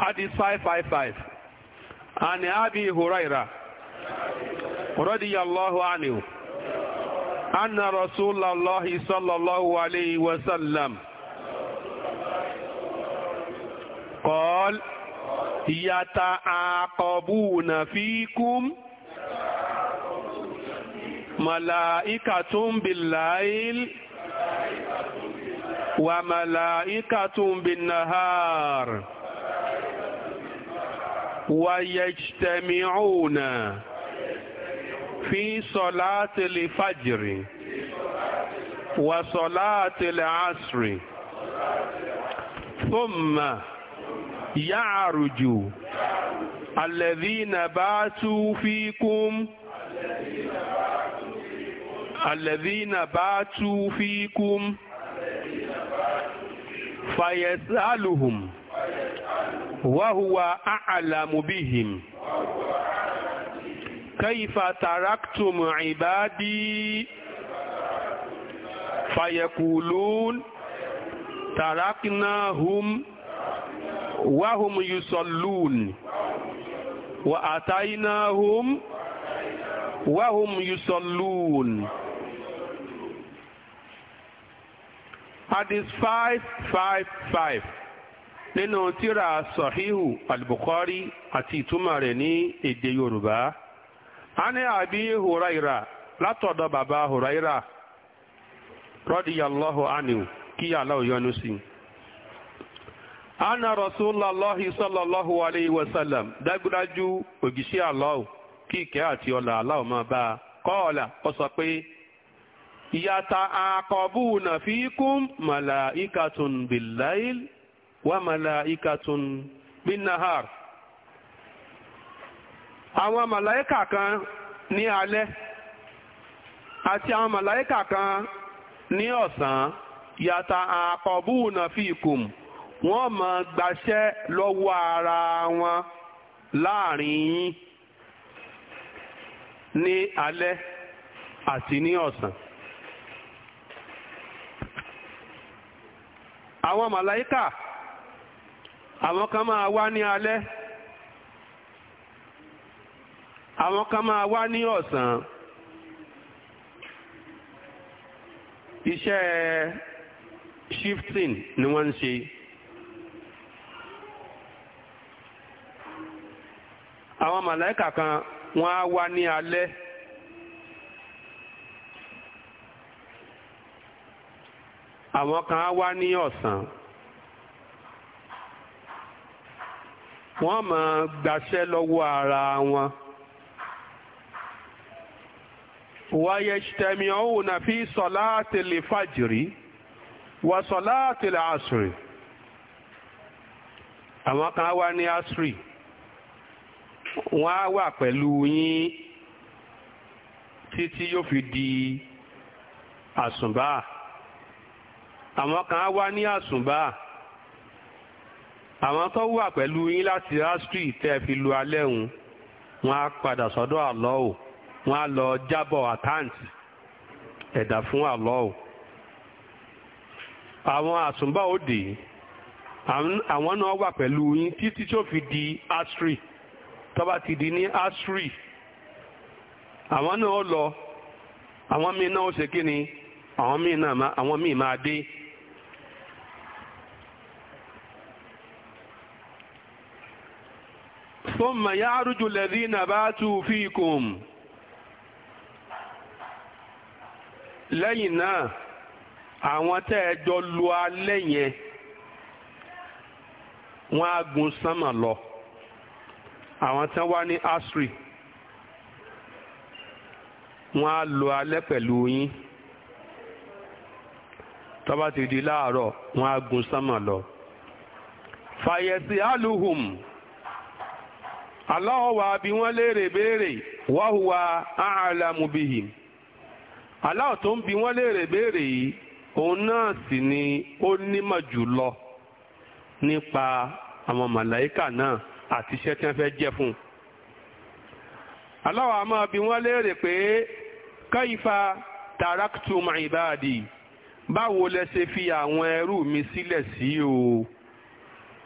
حديث 555 عن أبي هريرة رضي الله عنه أن رسول الله صلى الله عليه وسلم قال يتعاقبون فيكم ملائكة بالليل وملائكة بالنهار ويجتمعون في صلاة الفجر وصلاة العصر ثم يعرج الذين باتوا فيكم الذين باتوا فيكم فيسألهم وهو أعلم بهم كيف تركتم عبادي فيقولون تركناهم وهم يصلون وأتيناهم وهم يصلون Hadith 555 nínú tíra sọ̀híhù al-Bukhari àti ìtumọ̀ rẹ̀ ní èdè Yorùbá a ní àbí Huraira látọ̀dọ̀ bàbá Huraira rọ́díyàlọ́hù anhu kí Allah yọ́nú sí i ana rasulallahi sallallahu alayhi wa sallam dágúdájú ògìṣẹ́ Allah kí ìkẹ́ àti ọlá Allah máa bá a kọ́ọ̀là ó sọ pé yàtà àkọ́bùnà fíkún màláìkàtún bìláìl wa malaikatun bin nahar àwọn Malaika kan ní alẹ́ àti àwọn Malaika kan ní ọ̀sán yàtà àkọ̀bùnà fíkùm wọ́n ma gbaṣẹ́ lọ́wọ́ ara wọn láàrin yín ní alẹ́ àti ní ọ̀sán. àwọn àwọn kan máa wá ní alẹ́ àwọn kan máa wá ní ọ̀sán iṣẹ́ shifting ni wọ́n ń ṣe àwọn màláìkà kan wọ́n á wá ní alẹ́ àwọn kan á wá ní ọ̀sán wọ́n máa gbaṣẹ́ lọ́wọ́ ara wọn. wàyẹ̀sítẹ́mi ọ̀hún náà fi sọ̀láàtì lè fàjìrí wọ́n sọ̀láàtì lè àṣírí. àwọn kan wá ní àṣírí wọ́n á wà pẹ̀lú yín títí yóò fi di àsùnbà àwọn kan wá ní àsùnbà. àwọn tó wà pẹ̀lú yín láti rásítì tẹ́ ẹ fi lu alẹ́ òun wọ́n á padà sọ́dọ̀ àlọ́ọ̀ wọ́n á lọ jábọ̀ àkáǹtì ẹ̀dà fún àlọ́ọ̀ àwọn àsùnbà òde àwọn náà wà pẹ̀lú yín títí tó fi di astri tó bá ti di ní astri àwọn náà lọ àwọn míì náà ó ṣe kí ni àwọn míì náà àwọn míì máa dé. ثم يعرج الذين باتوا فيكم lẹ́yìn náà àwọn tẹ́ ẹ jọ lu alẹ́ yẹn wọ́n á gun sánmà lọ àwọn tẹ́ wá ní asri wọ́n á lo alẹ́ pẹ̀lú yín tọ́ba láàárọ̀ wọ́n á gun sánmà lọ fàyẹ̀sì aluhum Allah wá bi wọ́n léèrè béèrè wa huwa a'lamu bihim Allah tó ń bi wọ́n léèrè béèrè yìí òun náà sì ni ó nímọ̀ jùlọ nípa àwọn màláìkà náà àti iṣẹ́ tí wọ́n fẹ́ jẹ́ fún un. Allah máa bi wọ́n léèrè pé kaifa taraktum ibadi báwo lẹ ṣe fi àwọn ẹrú mi sílẹ̀ sí o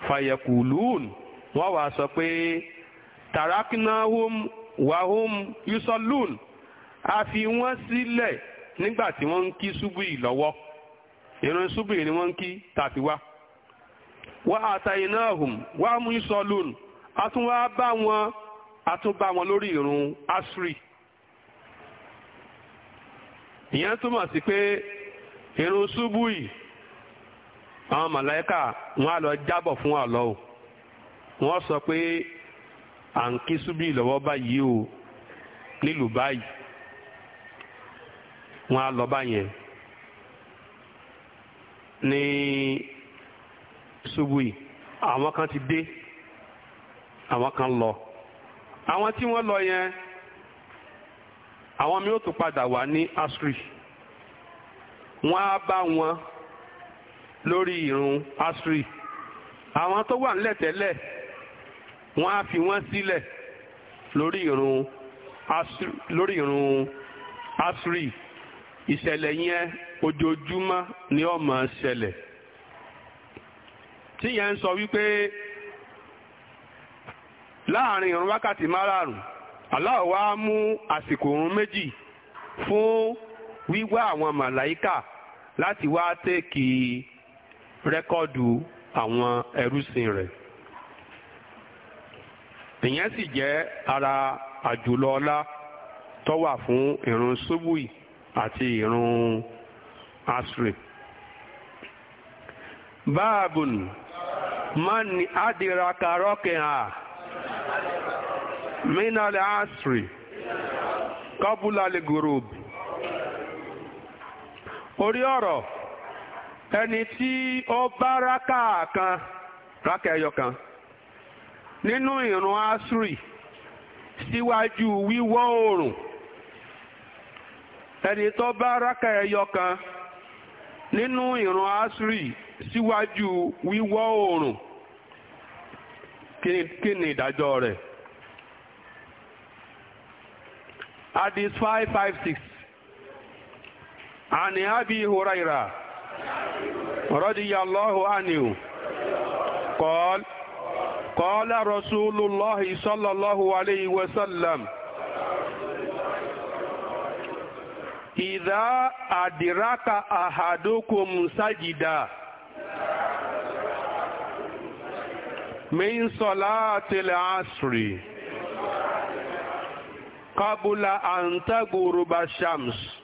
fayakulun wọ́n wá sọ pé. tàràkìnáhùm wàhùm yusọlùn a fi wọ́n sílẹ̀ nígbà tí wọn ń kí ṣubú yìí lọ́wọ́ ìrun ṣubú yìí ni wọ́n ń kí tàfi wá. wá àtàyìnáhùm wá mú yusọlùn a tún wá bá wọn a tún bá wọn lórí ìrun asri. ìyẹn túmọ̀ sí pé irun ṣubú yìí àwọn màláíkà wọn á lọ jábọ̀ fún àlọ́ o wọ́n sọ pé à ń ké súbì lọ́wọ́ báyìí o nílùú báyìí wọ́n á lọ báyẹn ní ṣubú yìí àwọn kan ti dé àwọn kan lọ àwọn tí wọ́n lọ yẹn àwọn mi ó tún padà wá ní asri wọ́n á bá wọn lórí ìrun asri àwọn tó wà nílẹ̀ tẹ́lẹ̀ wọ́n á fi wọ́n sílẹ̀ lórí ìrun lórí ìrun asri ìṣẹ̀lẹ̀ yẹn ojoojúmọ́ ni ó máa ṣẹlẹ̀ tí yẹn ń sọ wípé láàrin ìrun wákàtí márààrún Allah wá mú àsìkò ìrun méjì fún wíwá àwọn màláíkà láti wá tẹ́kì rẹ́kọ́ọ̀dù àwọn ẹrúsìn rẹ̀. ìyẹn sì jẹ́ ara àjùlọ ọlá tó wà fún ìrun subui àti ìrun asri. báàbùn man adiraka rọ́kìhà minal asri qabula al-ghurub. orí ọ̀rọ̀ ẹni tí ó bá rákà kan rákà ẹyọ kan. nínú asiri siwaju síwájú wíwọ̀ oòrùn ẹni tó bá rákà ẹyọ kan nínú ìrun asri síwájú wíwọ̀ oòrùn kí ni ìdájọ́ rẹ̀ hadith five five six عن أبي هريرة hụ قال رسول الله صلى الله عليه وسلم إذا أدرك أحدكم سجدا من صلاة العصر قبل أن تغرب الشمس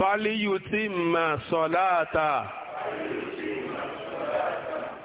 فليتم صلاته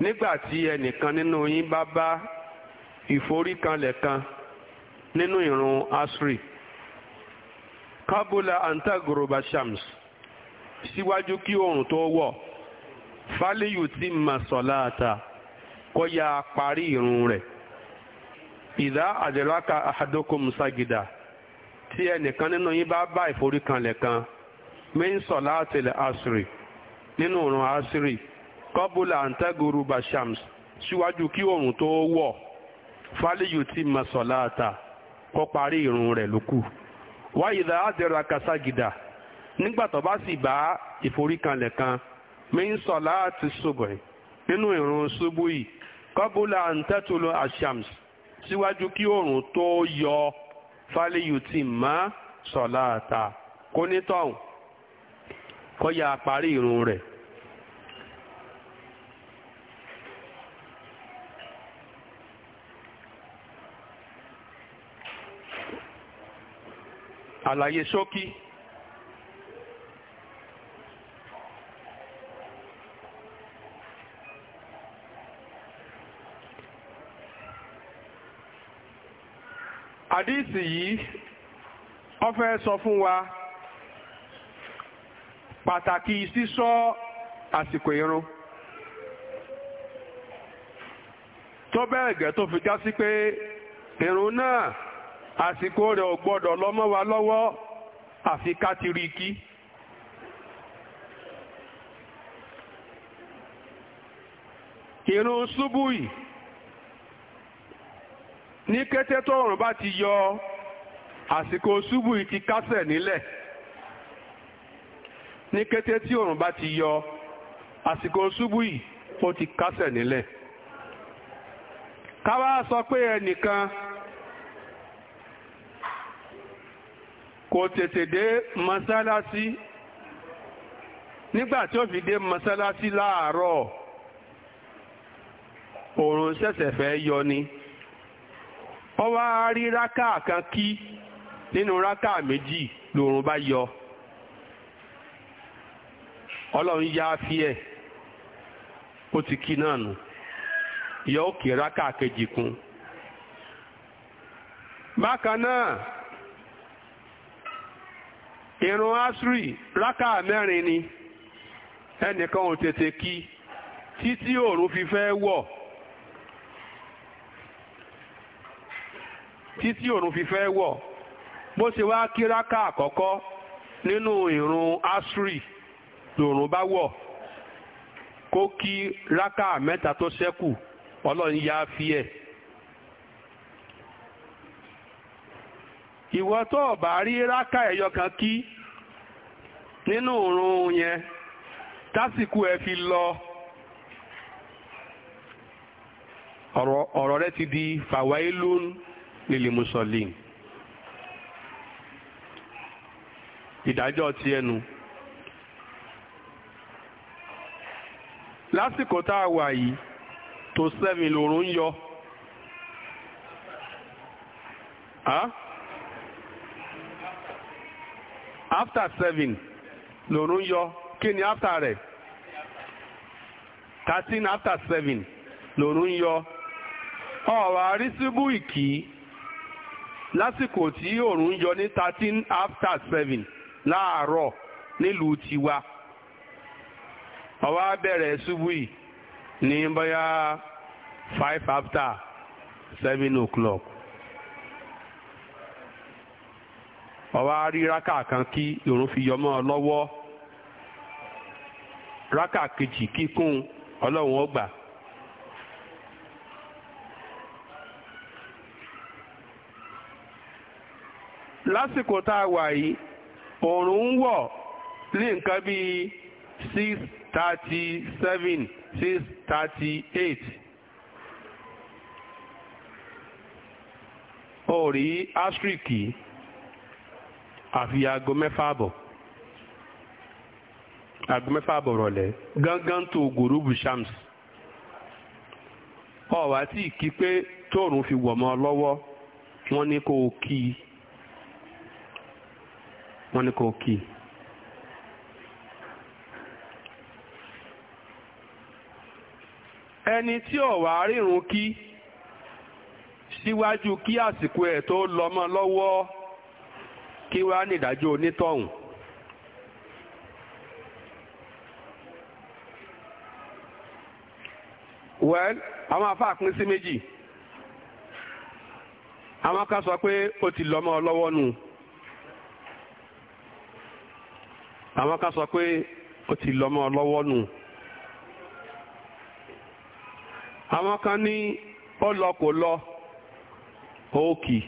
nígbà tí ẹnìkan nínú yín bá bá ìforíkanlẹ̀ kan nínú ìrun asri kábúlà antagoroba shams síwájú kí oòrùn tó wọ̀ fáliyù tí mà sọ̀lá àtà kó ya parí ìrun rẹ̀ ìdá àdìrákà àhádókò musagida tí ẹnìkan nínú yín bá bá ìforíkanlẹ̀ kan mí sọ̀lá àtìlẹ̀ asri nínú ìrun asri kọ́bùlà àǹtẹ́gùrù bashams síwájú kí oòrùn tó wọ̀ fáliyù tí ma sọ̀lá àtà kó parí irun rẹ̀ lókù wáyìdá àdẹ̀rọ akásagìdà nígbà tó bá sì bá ìforíkanlẹ̀ kan mi ń sọ̀lá àti ṣubùì nínú irun ṣubùì kọ́bùlà àǹtẹ́tùlù ashams síwájú kí oòrùn tó yọ fáliyù tí ma sọ̀lá àtà kó nítọ̀hún kó yá parí irun rẹ̀ àlàyé ṣókí àdíìsì yìí ọ fẹ́ sọ fún wa pàtàkì sísọ́ àsìkò irun tó bẹ́ẹ̀ gẹ́ tó fi já sí pé irun náà àsìkò rẹ̀ ò gbọ́dọ̀ lọ́mọ́ wa lọ́wọ́ àfi ká ti rí kí. ìrun ṣubúì ní kété tó ọ̀rùn bá ti yọ àsìkò ṣubúì ti kásẹ̀ nílẹ̀ ní kété tí òrùn bá ti yọ àsìkò ṣubúì ó ti kásẹ̀ nílẹ̀ ká sọ pé ẹnìkan. E kò tètè dé mọ́sálásí nígbà tí ó fi dé mọ́sálásí láàárọ̀ òòrùn ṣẹ̀ṣẹ̀ fẹ́ yọ ni ọ wá rí rákà kan kí nínú rákà méjì lòòrùn bá yọ ọlọ́run yá fi ẹ̀ ó ti kí náà nù yọ òkè rákà kejì kún bákan náà ìrun asri rákà mẹ́rin ni ẹnìkan ò tètè kí títí òòrùn fi fẹ́ wọ̀ títí òòrùn fi fẹ́ wọ̀ bó ṣe wá kí rákà àkọ́kọ́ nínú ìrun asri lòòrùn bá wọ̀ kó kí rákà mẹ́ta tó ṣẹ́kù ọlọ́run yá fi ẹ̀. ìwọ tó o bá rí rákà ẹ̀yọ kan kí nínú òórùn yẹn tásìkò ẹ fi lọ ọ̀rọ̀ rẹ ti di fàwáìlún lèlèmùsọ̀lìn ìdájọ́ ti ẹnu. lásìkò tá a wà yìí tó sẹ́mi lòrùn yọ. after seven lòrùn yọ kí ni after rẹ̀ thirteen after seven lòrùn yọ ọ̀rọ̀ àrísíbú ìkì lásìkò tí òrùn yọ ní thirteen after seven láàárọ̀ nílùú tiwa ọwọ́ abẹ́rẹ́ ṣubú yìí ní bóyá five after seven o'clock ọwọ́ rí rákà kan kí ìrun fi yọmọ́ ọ lọ́wọ́ rákà kejì kíkún ọlọ́run ọgbà. gbà. lásìkò tá a wà yìí òòrùn ń wọ̀ ní nǹkan bíi six thirty seven six thirty eight. ó rí áṣíríkì. àfi aago mẹ́fà àbọ̀ aago mẹ́fà àbọ̀ rọ̀lẹ́ gángan tó gòrúbù shams ọ̀wá tí kí pé tóòrùn fi wọ̀ mọ́ lọ́wọ́ wọ́n ní kò o kí i wọ́n ní kó kí i. ẹni tí ọ̀wá rírun kí síwájú kí àsìkò ẹ̀ tó lọ́mọ lọ́wọ́. Lo kí wá ní ìdájọ́ onítọ̀hún. well àwọn afáà pín sí méjì àwọn kan sọ pé ó ti lọ́mọ lọ́wọ́ nù àwọn kan sọ pé ó ti lọ́mọ lọ́wọ́ nù àwọn kan ní ó lọ òkì. Okay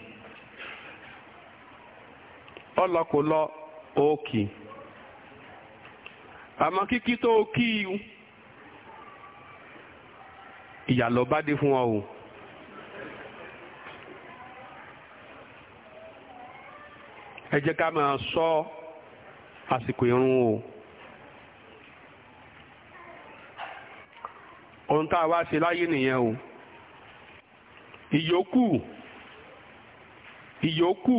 ọlọ kò lọ òkì àmọ́ kíkí tó kí i ìyà ló bá dé fún ọ o. ẹ jẹ́ ká máa sọ àsìkò irun o. ohun tá a wá ṣe láyé nìyẹn o. ìyókù ìyókù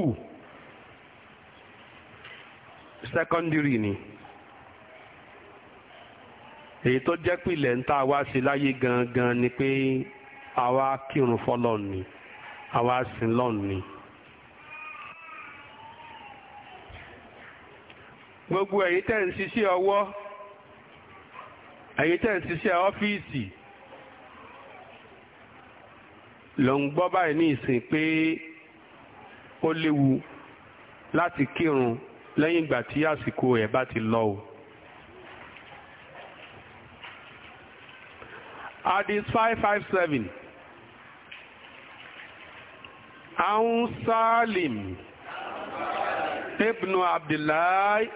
secondary ni èyí tó jẹ́ pìlẹ̀ ń tá a wá sí láyé gangan ni pé àwa kírun fọlọ́ọ̀ ni àwa sìn lọ́ọ̀ ni. gbogbo ẹ̀yin tẹ́ ń ṣiṣẹ́ ọwọ́ ẹ̀yin tẹ́ ń ṣiṣẹ́ ọ́fíìsì lọ ń gbọ́ báyìí ní ìsìn pé ó léwu láti kírun lẹ́yìn ìgbà tí àsìkò ẹ̀ bá ti lọ o. Hadith five five seven عن سالم ابن عبد الله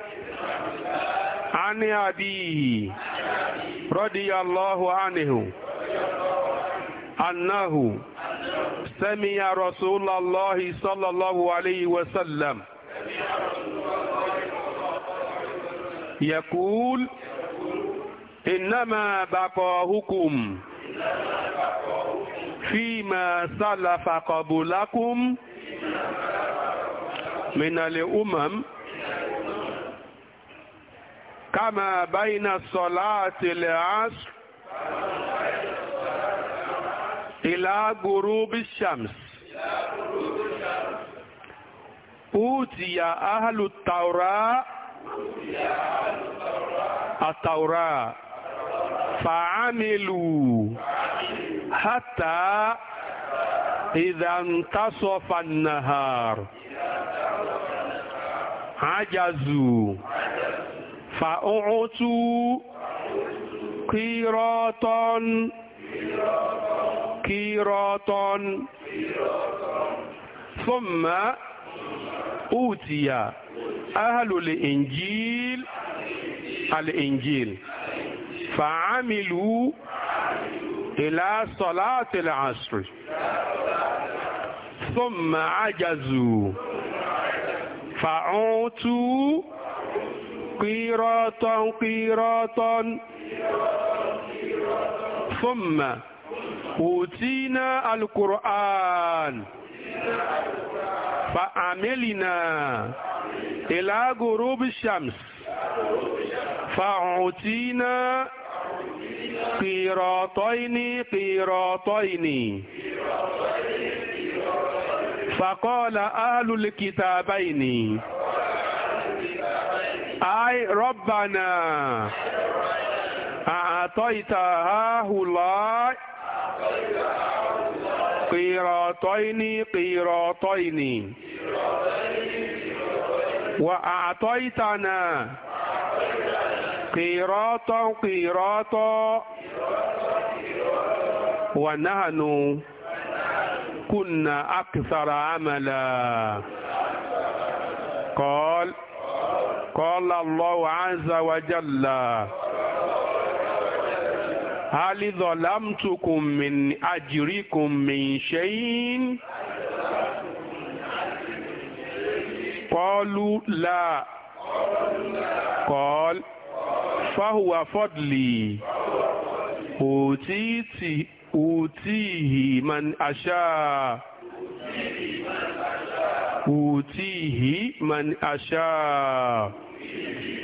عن أبيه رضي الله عنه أنه سمع رسول الله صلى الله عليه وسلم يقول إنما بقاؤكم فيما سلف قبلكم من الأمم كما بين صلاة العصر إلى غروب الشمس أوتي أهل التوراة التوراة فعملوا حتى إذا انتصف النهار عجزوا فأعطوا قيراطا قيراطا ثم أوتي أهل الإنجيل الإنجيل فعملوا إلى صلاة العصر ثم عجزوا فعوتوا قيراطا قيراطا ثم أوتينا القرآن فعملنا إلى غروب الشمس فأعطينا قيراطين قيراطين فقال أهل الكتابين أي ربنا أعطيتها هؤلاء قيراطين قيراطين وأعطيتنا قيراطا قيراطا ونحن كنا أكثر عملا قال قال الله عز وجل alidọ̀lámtukùn min ajirikùn min ṣẹ́yìn. قالوا لا قال فهو فضلي أوتيت أوتيه من أشاء أوتيه من أشاء